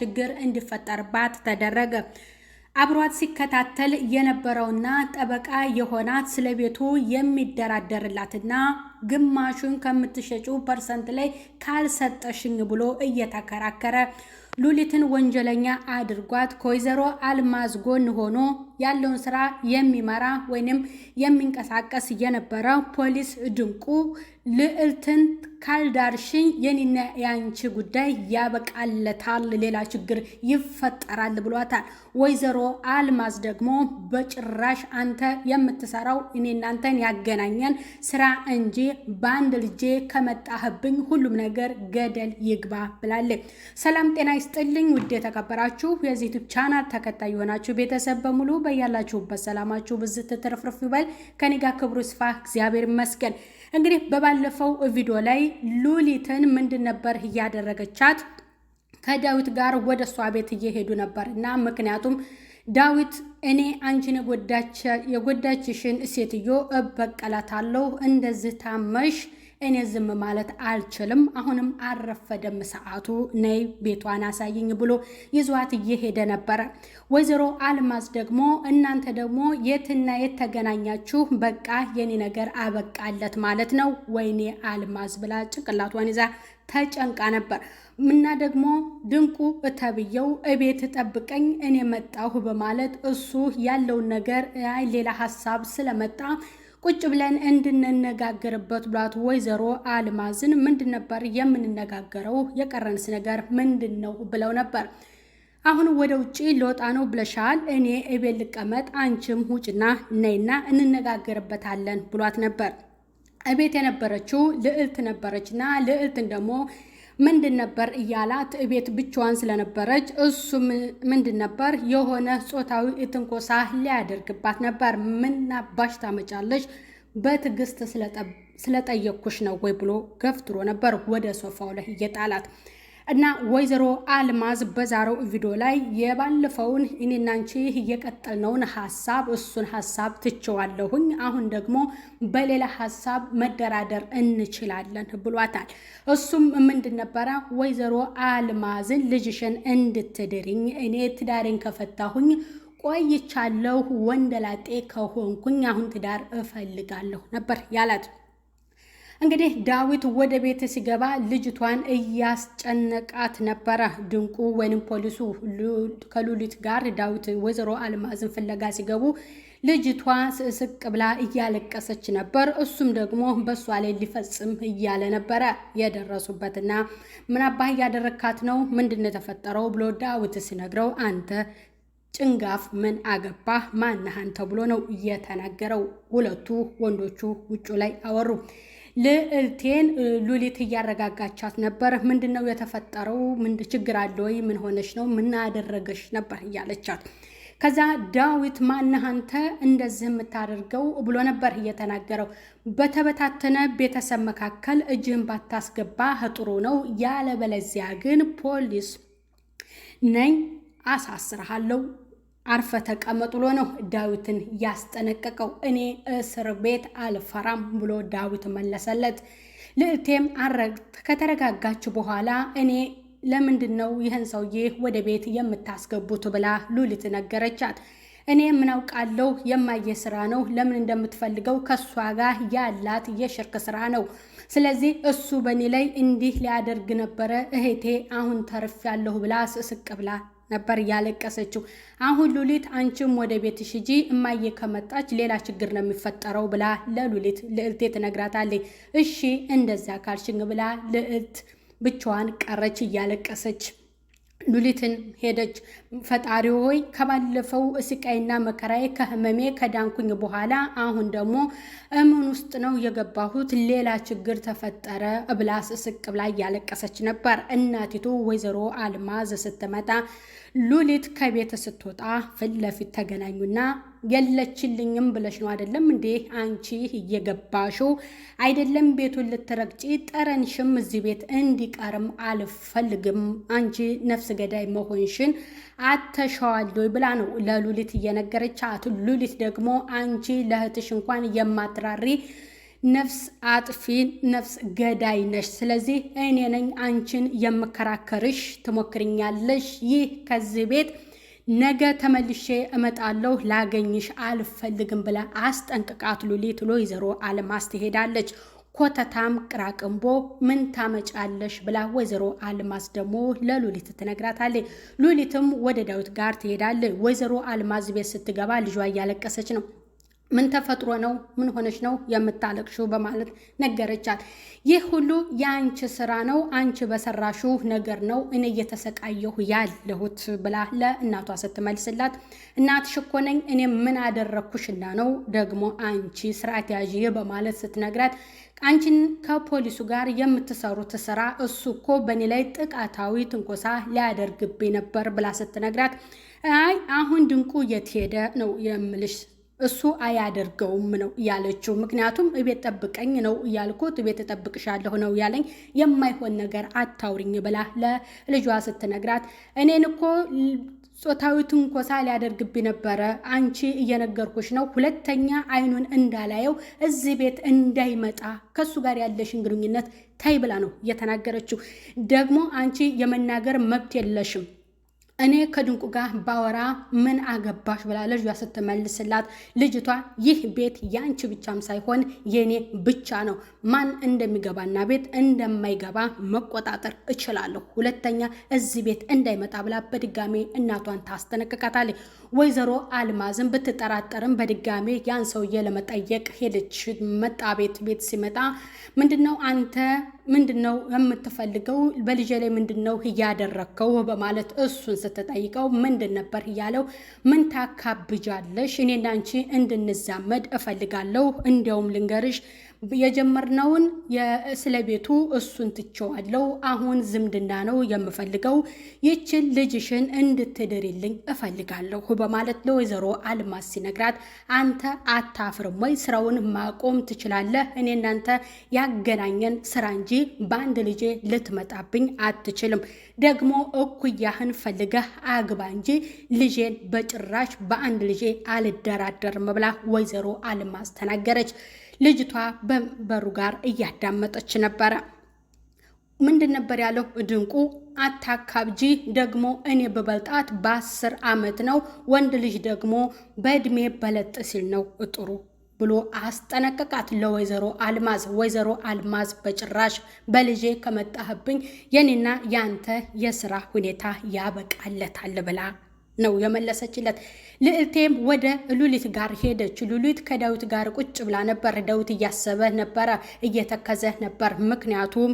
ችግር እንዲፈጠርባት ተደረገ። አብሯት ሲከታተል የነበረውና ጠበቃ የሆናት ስለ ቤቱ የሚደራደርላትና ግማሹን ከምትሸጩ ፐርሰንት ላይ ካልሰጠሽኝ ብሎ እየተከራከረ ሉሊትን ወንጀለኛ አድርጓት ከወይዘሮ አልማዝ ጎን ሆኖ ያለውን ስራ የሚመራ ወይንም የሚንቀሳቀስ የነበረ ፖሊስ ድንቁ ልዕልትን ካልዳርሽኝ የኔና የአንቺ ጉዳይ ያበቃለታል፣ ሌላ ችግር ይፈጠራል ብሏታል። ወይዘሮ አልማዝ ደግሞ በጭራሽ አንተ የምትሰራው እኔ እናንተን ያገናኘን ስራ እንጂ በአንድ ልጄ ከመጣህብኝ ሁሉም ነገር ገደል ይግባ ብላለች። ሰላም ጤና ያስጥልኝ ውድ የተከበራችሁ የዚህ ዩቲዩብ ቻናል ተከታይ የሆናችሁ ቤተሰብ በሙሉ በያላችሁበት ሰላማችሁ ብዝ ትርፍርፍ ይበል። ከኔ ጋር ክብሩ ስፋ እግዚአብሔር ይመስገን። እንግዲህ በባለፈው ቪዲዮ ላይ ሉሊትን ምንድን ነበር እያደረገቻት? ከዳዊት ጋር ወደ እሷ ቤት እየሄዱ ነበር እና ምክንያቱም ዳዊት እኔ አንቺን የጎዳችሽን ሴትዮ እበቀላታለሁ እንደዚህ ታመሽ እኔ ዝም ማለት አልችልም። አሁንም ደም ሰዓቱ ነይ ቤቷን አሳይኝ ብሎ ይዟት እየሄደ ነበረ። ወይዘሮ አልማዝ ደግሞ እናንተ ደግሞ የትና የት ተገናኛችሁ? በቃ የኔ ነገር አበቃለት ማለት ነው። ወይኔ አልማዝ ብላ ጭንቅላቷን ይዛ ተጨንቃ ነበር። ምና ደግሞ ድንቁ እተብየው እቤት ጠብቀኝ እኔ መጣሁ በማለት እሱ ያለውን ነገር ሌላ ሀሳብ ስለመጣ ቁጭ ብለን እንድንነጋገርበት ብሏት ወይዘሮ አልማዝን ምንድን ነበር የምንነጋገረው የቀረንስ ነገር ምንድን ነው ብለው ነበር። አሁን ወደ ውጭ ልወጣ ነው ብለሻል። እኔ እቤት ልቀመጥ፣ አንቺም ውጭና ነይና እንነጋገርበታለን ብሏት ነበር። እቤት የነበረችው ልዕልት ነበረችና ልዕልትን ደግሞ ምንድን ነበር እያላት ቤት ብቻዋን ስለነበረች እሱ ምንድን ነበር የሆነ ጾታዊ ትንኮሳ ሊያደርግባት ነበር። ምናባሽ ታመጫለች? በትዕግስት ስለጠየኩሽ ነው ወይ ብሎ ገፍትሮ ነበር ወደ ሶፋው ላይ እየጣላት እና ወይዘሮ አልማዝ በዛሬው ቪዲዮ ላይ የባለፈውን እኔና አንቺ እየቀጠልነውን ሀሳብ እሱን ሀሳብ ትችዋለሁኝ፣ አሁን ደግሞ በሌላ ሀሳብ መደራደር እንችላለን ብሏታል። እሱም ምንድን ነበረ? ወይዘሮ አልማዝን ልጅሽን እንድትድርኝ እኔ ትዳሬን ከፈታሁኝ ቆይቻለሁ፣ ወንደላጤ ከሆንኩኝ አሁን ትዳር እፈልጋለሁ ነበር ያላት። እንግዲህ ዳዊት ወደ ቤት ሲገባ ልጅቷን እያስጨነቃት ነበረ። ድንቁ ወይም ፖሊሱ ከሉሊት ጋር ዳዊት ወይዘሮ አልማዝን ፍለጋ ሲገቡ ልጅቷ ስቅስቅ ብላ እያለቀሰች ነበር። እሱም ደግሞ በእሷ ላይ ሊፈጽም እያለ ነበረ የደረሱበትና አባህ እያደረካት ነው ምንድን የተፈጠረው ብሎ ዳዊት ሲነግረው አንተ ጭንጋፍ ምን አገባህ ማናህን ተብሎ ነው እየተናገረው። ሁለቱ ወንዶቹ ውጩ ላይ አወሩ። ልዕልቴን ሉሊት እያረጋጋቻት ነበር። ምንድን ነው የተፈጠረው? ምን ችግር አለ ወይ? ምን ሆነች ነው? ምን አደረገች ነበር እያለቻት ከዛ ዳዊት ማነህ አንተ እንደዚህ የምታደርገው ብሎ ነበር እየተናገረው። በተበታተነ ቤተሰብ መካከል እጅህን ባታስገባ ጥሩ ነው፣ ያለበለዚያ ግን ፖሊስ ነኝ አሳስርሃለሁ አርፈ ተቀመጥሎ ነው ዳዊትን ያስጠነቀቀው። እኔ እስር ቤት አልፈራም ብሎ ዳዊት መለሰለት። ልዕልቴም ከተረጋጋች በኋላ እኔ ለምንድን ነው ይህን ሰውዬ ወደ ቤት የምታስገቡት ብላ ሉሊት ነገረቻት። እኔ ምን አውቃለሁ የማየ ስራ ነው። ለምን እንደምትፈልገው ከእሷ ጋር ያላት የሽርክ ስራ ነው። ስለዚህ እሱ በእኔ ላይ እንዲህ ሊያደርግ ነበረ እህቴ፣ አሁን ተርፍ ያለሁ ብላ ስስቅ ብላ ነበር ያለቀሰችው። አሁን ሉሊት አንቺም ወደ ቤትሽ ሂጂ፣ እማዬ ከመጣች ሌላ ችግር ነው የሚፈጠረው ብላ ለሉሊት ልዕልቴ ትነግራታለች። እሺ እንደዛ ካልሽኝ ብላ ልዕልት ብቻዋን ቀረች እያለቀሰች። ሉሊትን ሄደች። ፈጣሪ ሆይ ከባለፈው ስቃይና መከራዬ ከህመሜ ከዳንኩኝ በኋላ አሁን ደግሞ እምን ውስጥ ነው የገባሁት? ሌላ ችግር ተፈጠረ ብላ ስቅ ብላ እያለቀሰች ነበር። እናቲቱ ወይዘሮ አልማዝ ስትመጣ ሉሊት ከቤት ስትወጣ ፊት ለፊት ተገናኙና የለችልኝም ብለሽ ነው አይደለም እንዴ አንቺ እየገባሹ አይደለም ቤቱን ልትረግጪ ጠረንሽም እዚህ ቤት እንዲቀርም አልፈልግም አንቺ ነፍስ ገዳይ መሆንሽን አተሸዋል ብላ ነው ለሉሊት እየነገረች እየነገረቻት ሉሊት ደግሞ አንቺ ለእህትሽ እንኳን የማትራሪ ነፍስ አጥፊ ነፍስ ገዳይ ነሽ። ስለዚህ እኔ ነኝ አንቺን የምከራከርሽ። ትሞክርኛለሽ። ይህ ከዚህ ቤት ነገ ተመልሼ እመጣለሁ፣ ላገኝሽ አልፈልግም ብላ አስጠንቅቃት ሉሊት ወይዘሮ አልማዝ ትሄዳለች። ኮተታም ቅራቅንቦ ምን ታመጫለሽ ብላ ወይዘሮ አልማዝ ደግሞ ለሉሊት ትነግራታለች። ሉሊትም ወደ ዳዊት ጋር ትሄዳለች። ወይዘሮ አልማዝ ቤት ስትገባ ልጇ እያለቀሰች ነው። ምን ተፈጥሮ ነው? ምን ሆነች ነው የምታለቅሽው? በማለት ነገረቻት። ይህ ሁሉ የአንቺ ስራ ነው፣ አንቺ በሰራሹ ነገር ነው እኔ እየተሰቃየሁ ያለሁት ብላ ለእናቷ ስትመልስላት፣ እናትሽ እኮ ነኝ እኔ ምን አደረግኩሽና ነው ደግሞ አንቺ ስርዓት ያዥ በማለት ስትነግራት፣ አንቺን ከፖሊሱ ጋር የምትሰሩት ስራ እሱ እኮ በእኔ ላይ ጥቃታዊ ትንኮሳ ሊያደርግብኝ ነበር ብላ ስትነግራት፣ አይ አሁን ድንቁ የት ሄደ ነው የምልሽ እሱ አያደርገውም ነው ያለችው። ምክንያቱም እቤት ጠብቀኝ ነው እያልኩት እቤት እጠብቅሻለሁ ነው ያለኝ፣ የማይሆን ነገር አታውሪኝ ብላ ለልጇ ስትነግራት እኔን እኮ ጾታዊ ትንኮሳ ሊያደርግብኝ ነበረ። አንቺ እየነገርኩሽ ነው፣ ሁለተኛ አይኑን እንዳላየው እዚህ ቤት እንዳይመጣ ከሱ ጋር ያለሽን ግንኙነት ታይ ብላ ነው እየተናገረችው። ደግሞ አንቺ የመናገር መብት የለሽም እኔ ከድንቁ ጋር ባወራ ምን አገባሽ ብላ ልጇ ስትመልስላት ልጅቷ ይህ ቤት ያንቺ ብቻም ሳይሆን የኔ ብቻ ነው፣ ማን እንደሚገባና ቤት እንደማይገባ መቆጣጠር እችላለሁ፣ ሁለተኛ እዚህ ቤት እንዳይመጣ ብላ በድጋሜ እናቷን ታስጠነቅቃታለች። ወይዘሮ አልማዝን ብትጠራጠርም በድጋሜ ያን ሰውዬ ለመጠየቅ ሄደች። መጣ ቤት ቤት ሲመጣ ምንድነው አንተ ምንድን ነው የምትፈልገው? በልጄ ላይ ምንድን ነው እያደረግከው? በማለት እሱን ስትጠይቀው ምንድን ነበር እያለው ምን ታካብጃለሽ? እኔና አንቺ እንድንዛመድ እፈልጋለሁ። እንዲያውም ልንገርሽ የጀመርነውን ስለ ቤቱ እሱን ትቼዋለሁ። አሁን ዝምድና ነው የምፈልገው። ይችን ልጅሽን እንድትድሪልኝ እፈልጋለሁ በማለት ለወይዘሮ አልማዝ ሲነግራት አንተ አታፍርም ወይ? ስራውን ማቆም ትችላለህ። እኔ እናንተ ያገናኘን ስራ እንጂ በአንድ ልጄ ልትመጣብኝ አትችልም። ደግሞ እኩያህን ፈልገህ አግባ እንጂ ልጄን በጭራሽ በአንድ ልጄ አልደራደርም ብላ ወይዘሮ አልማዝ ተናገረች። ልጅቷ በበሩ ጋር እያዳመጠች ነበረ። ምንድን ነበር ያለው ድንቁ? አታካብጂ ደግሞ እኔ በበልጣት በአስር ዓመት ነው፣ ወንድ ልጅ ደግሞ በእድሜ በለጥ ሲል ነው እጥሩ ብሎ አስጠነቀቃት ለወይዘሮ አልማዝ። ወይዘሮ አልማዝ በጭራሽ በልጄ ከመጣህብኝ የኔና ያንተ የስራ ሁኔታ ያበቃለታል ብላ ነው የመለሰችለት። ልዕልቴም ወደ ሉሊት ጋር ሄደች። ሉሊት ከዳዊት ጋር ቁጭ ብላ ነበር። ዳዊት እያሰበ ነበረ፣ እየተከዘ ነበር። ምክንያቱም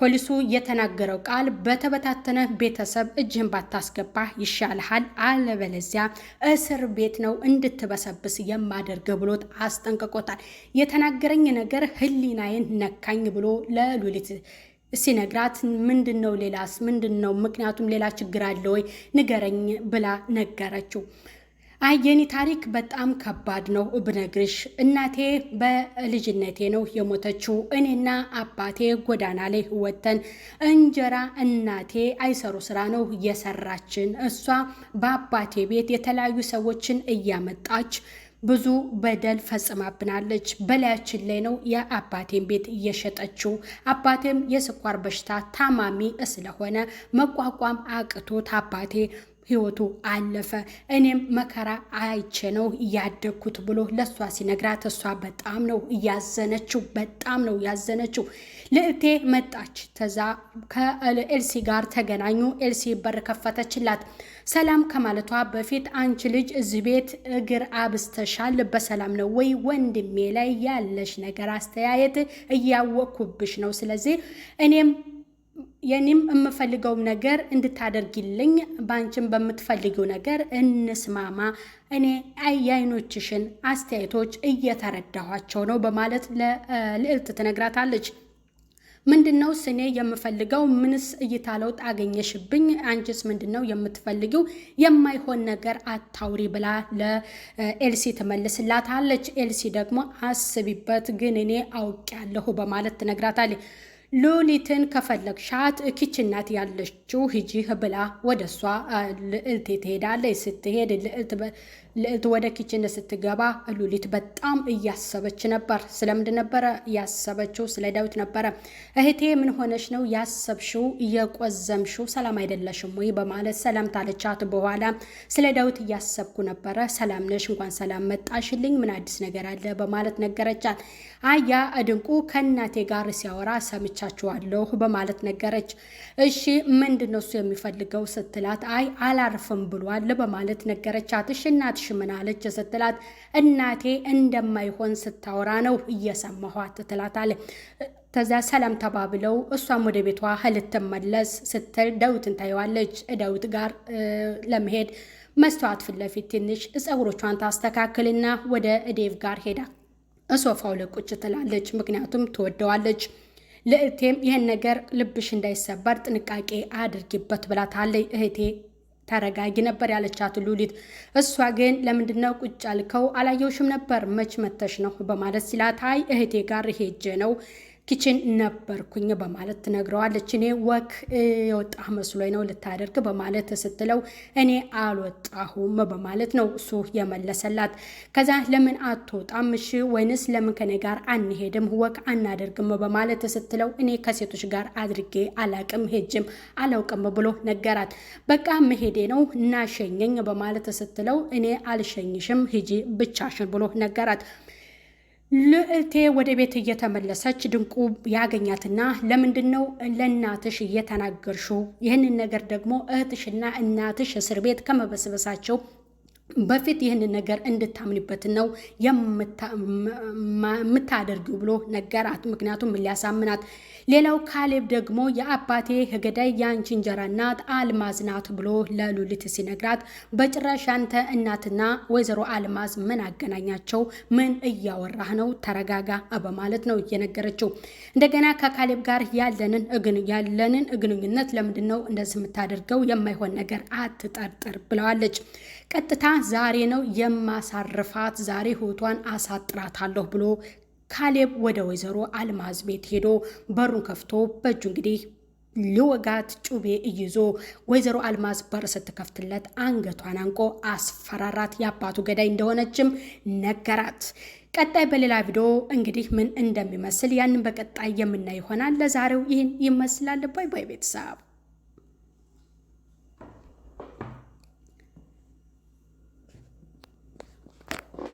ፖሊሱ የተናገረው ቃል በተበታተነ ቤተሰብ እጅህን ባታስገባ ይሻልሃል፣ አለበለዚያ እስር ቤት ነው እንድትበሰብስ የማደርግ ብሎት አስጠንቅቆታል። የተናገረኝ ነገር ህሊናዬን ነካኝ ብሎ ለሉሊት ሲነግራት ምንድን ነው ሌላስ ምንድን ነው ምክንያቱም ሌላ ችግር አለ ወይ ንገረኝ ብላ ነገረችው። አይ የኔ ታሪክ በጣም ከባድ ነው ብነግርሽ፣ እናቴ በልጅነቴ ነው የሞተችው። እኔና አባቴ ጎዳና ላይ ወተን እንጀራ እናቴ አይሰሩ ስራ ነው የሰራችን። እሷ በአባቴ ቤት የተለያዩ ሰዎችን እያመጣች ብዙ በደል ፈጽማብናለች። በላያችን ላይ ነው የአባቴን ቤት እየሸጠችው። አባቴም የስኳር በሽታ ታማሚ ስለሆነ መቋቋም አቅቶት አባቴ ህይወቱ አለፈ። እኔም መከራ አይቼ ነው እያደግኩት ብሎ ለእሷ ሲነግራት እሷ በጣም ነው እያዘነችው፣ በጣም ነው ያዘነችው። ልእቴ መጣች። ተዛ ከኤልሲ ጋር ተገናኙ። ኤልሲ በር ከፈተችላት። ሰላም ከማለቷ በፊት አንቺ ልጅ እዚህ ቤት እግር አብስተሻል፣ በሰላም ነው ወይ? ወንድሜ ላይ ያለሽ ነገር አስተያየት እያወቅኩብሽ ነው። ስለዚህ እኔም የኔም የምፈልገው ነገር እንድታደርጊልኝ በአንቺም በምትፈልጊው ነገር እንስማማ። እኔ የአይኖችሽን አስተያየቶች እየተረዳኋቸው ነው በማለት ለልዕልት ትነግራታለች። ምንድነው ስኔ የምፈልገው? ምንስ እይታ ለውጥ አገኘሽብኝ? አንቺስ ምንድነው የምትፈልጊው? የማይሆን ነገር አታውሪ ብላ ለኤልሲ ትመልስላታለች። ኤልሲ ደግሞ አስቢበት፣ ግን እኔ አውቄያለሁ በማለት ትነግራታለች። ሉሊትን ከፈለግሻት ኪችን ናት ያለችው ሂጂ ብላ ወደ እሷ ልዕልት ትሄዳለች። ስትሄድ ልዕልት ልዕልት ወደ ኪችን ስትገባ ሉሊት በጣም እያሰበች ነበር። ስለምንድ ነበረ ያሰበችው? ስለ ዳዊት ነበረ። እህቴ ምን ሆነሽ ነው ያሰብሽው? እየቆዘምሽው ሰላም አይደለሽም ወይ በማለት ሰላም ታለቻት። በኋላ ስለ ዳዊት እያሰብኩ ነበረ። ሰላም ነሽ? እንኳን ሰላም መጣሽልኝ። ምን አዲስ ነገር አለ? በማለት ነገረቻት። አያ እድንቁ ከእናቴ ጋር ሲያወራ ሰምቻችኋለሁ በማለት ነገረች። እሺ ምንድን ነው እሱ የሚፈልገው ስትላት፣ አይ አላርፍም ብሏል በማለት ነገረቻት። እሺ እናትሽ ምን አለች ስትላት እናቴ እንደማይሆን ስታወራ ነው እየሰማኋት ትላታለች። ከዚያ ሰላም ተባብለው እሷም ወደ ቤቷ ልትመለስ ስትል ዳዊትን ታየዋለች። ዳዊት ጋር ለመሄድ መስተዋት ፊት ለፊት ትንሽ ፀጉሮቿን ታስተካክልና ወደ እዴቭ ጋር ሄዳ እሶፋው ለቁጭ ትላለች። ምክንያቱም ትወደዋለች። ልዕልቴም ይህን ነገር ልብሽ እንዳይሰበር ጥንቃቄ አድርጊበት ብላታለች። እህቴ ተረጋጊ ነበር ያለቻት ሉሊት። እሷ ግን ለምንድነው ቁጭ ያልከው? አላየውሽም ነበር መች መተሽ ነው በማለት ሲላት አይ እህቴ ጋር ሄጄ ነው ኪችን ነበርኩኝ በማለት ትነግረዋለች። እኔ ወክ የወጣ መስሎኝ ነው ልታደርግ በማለት ስትለው እኔ አልወጣሁም በማለት ነው እሱ የመለሰላት። ከዛ ለምን አትወጣም እሺ ወይንስ ለምን ከኔ ጋር አንሄድም ወክ አናደርግም በማለት ስትለው እኔ ከሴቶች ጋር አድርጌ አላቅም ሄጅም አላውቅም ብሎ ነገራት። በቃ መሄዴ ነው እና ሸኘኝ በማለት ስትለው እኔ አልሸኝሽም ሂጂ ብቻሽን ብሎ ነገራት። ልዕቴ ወደ ቤት እየተመለሰች ድንቁ ያገኛትና ለምንድን ነው ለእናትሽ እየተናገርሽው? ይህንን ነገር ደግሞ እህትሽና እናትሽ እስር ቤት ከመበስበሳቸው በፊት ይህንን ነገር እንድታምንበት ነው የምታደርጊው ብሎ ነገራት። ምክንያቱም ሊያሳምናት ሌላው ካሌብ ደግሞ የአባቴ ህገዳይ የአንቺ እንጀራ እናት አልማዝ ናት ብሎ ለሉሊት ሲነግራት በጭራሽ አንተ እናትና ወይዘሮ አልማዝ ምን አገናኛቸው? ምን እያወራህ ነው? ተረጋጋ በማለት ነው እየነገረችው። እንደገና ከካሌብ ጋር ያለንን ያለንን ግንኙነት ለምንድን ነው እንደዚህ የምታደርገው? የማይሆን ነገር አትጠርጥር ብለዋለች። ቀጥታ ዛሬ ነው የማሳርፋት፣ ዛሬ ህይወቷን አሳጥራታለሁ ብሎ ካሌብ ወደ ወይዘሮ አልማዝ ቤት ሄዶ በሩን ከፍቶ በእጁ እንግዲህ ሊወጋት ጩቤ እይዞ ወይዘሮ አልማዝ በር ስትከፍትለት አንገቷን አንቆ አስፈራራት። የአባቱ ገዳይ እንደሆነችም ነገራት። ቀጣይ በሌላ ቪዲዮ እንግዲህ ምን እንደሚመስል ያንን በቀጣይ የምናይ ይሆናል። ለዛሬው ይህን ይመስላል። ባይ ባይ ቤተሰብ